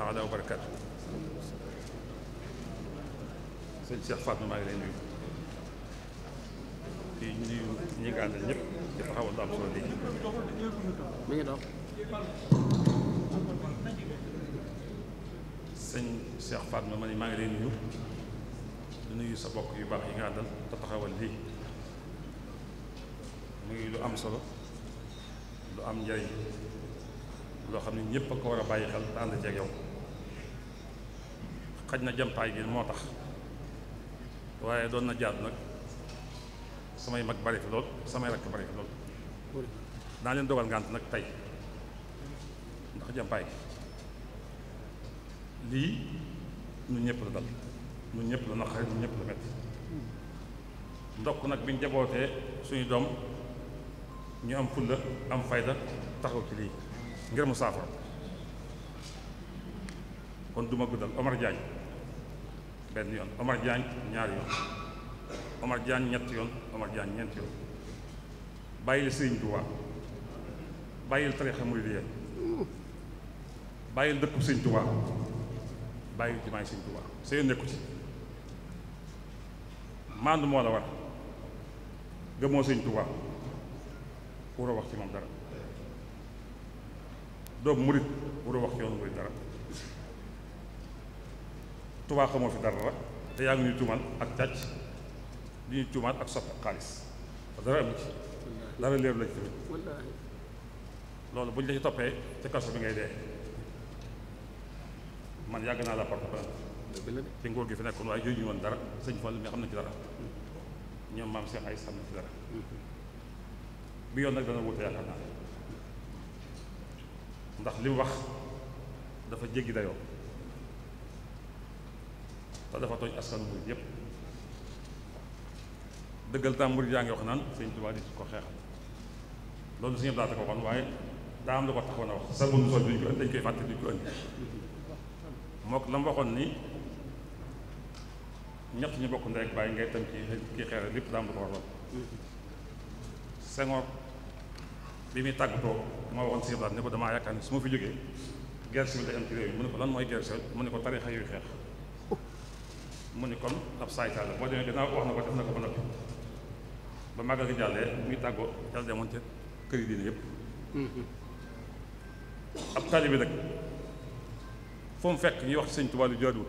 taala wa barakaatu sëñ maa ngi lay nuyu di nuyu ñi nga àndal ñëpp di taxawal lu am solo ngi dox sëñ maa ngi lay sa bokk yi nga àndal te taxawal lii muy lu am solo lu am njariñ loo xam ne ñëpp a ko war a bàyyi xel te ànd ceeg yow xaj na jamtaay gi moo tax waaye doon na jaadu nag samay mag bari fi lool samay rakk bari fi lool daa leen dogal ngànt nag tey ndax jàmpaay lii ñun ñëpp la dal ñun ñëpp la naqare nag bi ñu jabootee suñu doom ñu am fulla am fayda taxaw ci lii ngir mu saafara kon du ma guddal Omar benn yoon Omar Diagne ñaari yoon Omar Diagne ñett yoon Omar Diagne ñeent yoon bàyyil Sëriñ Tuubaa bàyyil tarixa muridiyya bàyyil dëkku Sëriñ Tuubaa bàyyil jumaay Sëriñ Tuubaa seen nekku ci maandu moo la war gëmoo Sëriñ Tuubaa pour a wax ci moom dara doomu murit waroo wax ci yoonu murit dara Tuubaa fi dara la te yaa ngi ñuy tuumal ak càcc di ñuy tuumal ak sopp xaalis dara am ci dara leeru la ci loolu bu ñu la ci toppee ca kaso bi ngay dee man yàgg naa la porte ci nguur gi fi nekkoon waaye jooju ñu woon dara sëñ Fall mi xam na ci dara ñoom maam Cheikh ay xam na ci dara bi yoon nag dana wute yaakaar naa ndax lim wax dafa jéggi dayoo te dafa tooñ askanu murid yépp dëggal tam murid yaa ngi wax naan sëñ Tuubaa di ko xeexal loolu suñu daata ko waxoon waaye daa am lu ko taxoon a wax sa bun sol duñ ko dañ koy fàtte ko la mu waxoon ni ñett ñu bokk ndey ak bàyyi ngay tam ci kii xeere lépp daa am lu ko waroon Senghor bi muy tàggatoo moo waxoon Sëñ Abdou ne ko damaa yaakaar ne su ma fi jógee guerre civile day am ci réew mi mu ne ko lan mooy guerre civile mu ne ko tarixa yuy xeex mu ne kon ab saaytaal la boo demee gannaaw wax na ko def na ko ba noppi ba màggal gi jàllee muy tàggoo yàlla demoon ca kër yi diine yëpp ab taalibe nag foo mu fekk ñuy wax ci sëñ Tuubaa lu jaaduwul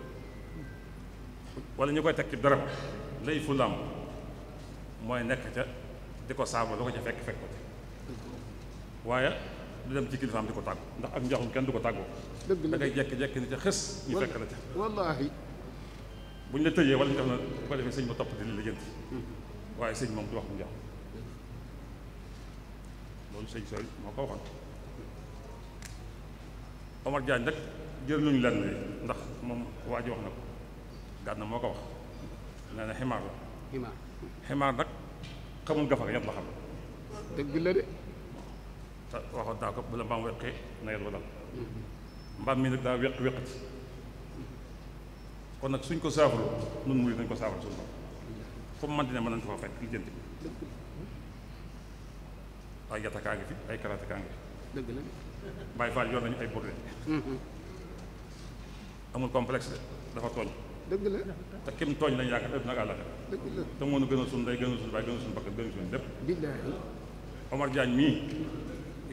wala ñu koy teg ci darab lay fu mooy nekk ca di ko saabu lu ko ca fekk waaye du dem ci kilifaam di ko tàggu ndax ak njaxum kenn du ko tàggu dëgg la da ngay jekki-jekki ni ca xës ñu fekk la ca wallaahi bu ñu la tëjee wala ñu def na bu ko defee sëñ ba topp di li lijjanti hmm. waaye sëñ moom du wax bu njaxum loolu sëñ sooy moo ko waxoon Omar Diagne rek jëriñu lenn li ndax moom waa ji wax na ko gànna moo ko wax nee na ximaar la ximaar nag xamul gafa yat la xam dëgg la de te waxoon naa ko bu la mbaam weqee na ngeen ko dal mbaam mi nag daa weq weqati kon nag suñ ko saafara nun muy nañ ko saafara suñu bopp fu mu mënti ne mën nañ ko fa fekk lijjanti ay yatakaa fi ay karatakaa ngi fi dëgg la nañu ay burde amul complexe de dafa tooñ dëgg la te kim tooñ lañu yaakaar ëpp nag àllaka dëgg la te moo nu gën a suñ day gën a suñ baay gën a suñ bakkan gën a suñ lépp Omar Diagne mii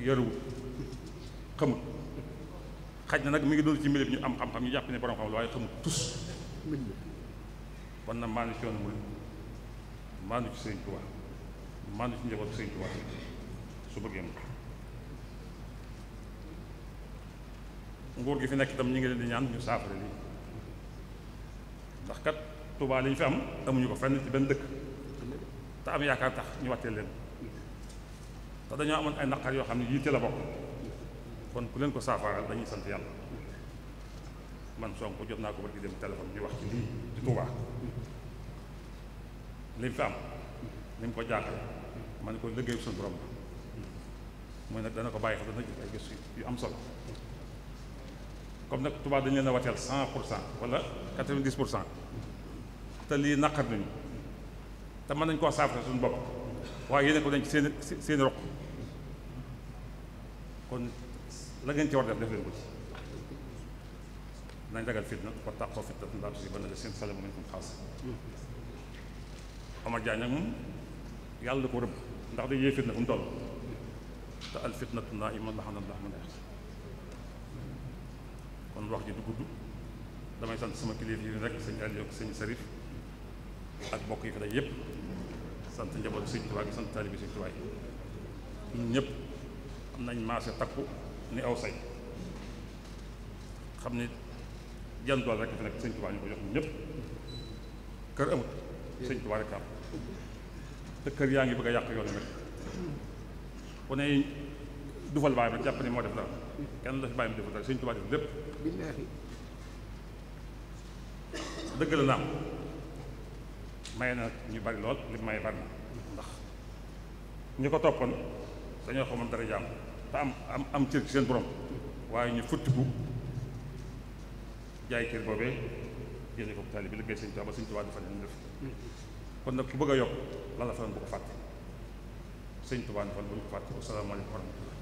yoruwul xamut xaj na nag mi ngi doon ci mbir ñu am xam-xam ñu jàpp ne borom xam la waaye xamut tus kon nag maanu ci yoonu murid maanu ci Sëriñ Tuubaa maanu ci njabootu Sëriñ Tuubaa su bëggee mu nguur gi fi nekk itam ñu ngi leen di ñaan ñu saafara lii ndax kat Tuubaa li ñu fi am amuñu ko fenn ci benn dëkk te am yaakaar tax ñu wàccee leen te dañoo amoon ay naqar yoo xam ne yitte la bokk kon ku leen ko saafaaral dañuy sant yàlla man Sonko jot naa ko barki dem téléphone di wax ci lii ci Touba li mu fi am ni mu ko jaaxal ma ne ko liggéeyu suñu borom la mooy nag dana ko bàyyi xel dana gis ay gis yu am solo comme nag Touba dañu leen a wateel cent pour cent wala quatre-vingt-dix pour cent te lii naqar nañu te mën nañ koo saafara suñu bopp waaye yéen ko dañ ci seen seen roq kon la ngeen ci war def def leen ko ci nañ ragal fitna wa taqoo fitnatan laa tusiibanna llaziina zalamu minkum xaassatan Omar Diagne nag moom yàlla da ko rëbb ndax day yee fitna fu mu toll te al fitnatu naa'imatun kon wax ji du gudd damay sant sama kilifa yi rek sëñ Aliou ak sëñ Sarif ak mbokk yi fi day sant njaboot Sëñ Tuubaa gi sant taalibi Sëñ Tuubaa yi ñun ñëpp am nañ maase takku ni aw say xam ni jan dool rek fi nekk Sëñ Tuubaa ñu ko jox ñun kër amut Sëñ Tuubaa rek am te kër yaa ngi bëgg a yàq yoon nag ku ne dufal baay ba jàpp ni moo def dara kenn la fi bàyyi mu deful dara Sëñ Tuubaa def lépp dëgg la naam maye na ñu bari lool li may bari na ndax ñu ko toppoon dañoo xamoon dara jaam te am am am cër ci seen borom waaye ñu futtiku jaay cër boobee génne ko taali bi liggéey sëñ Tuubaa ba sëñ Tuubaa dafa kon nag ku bëgg a yokk la la bu ko fàtte sëñ Tuubaa dafa bu ñu ko fàtte asalaamaaleykum wa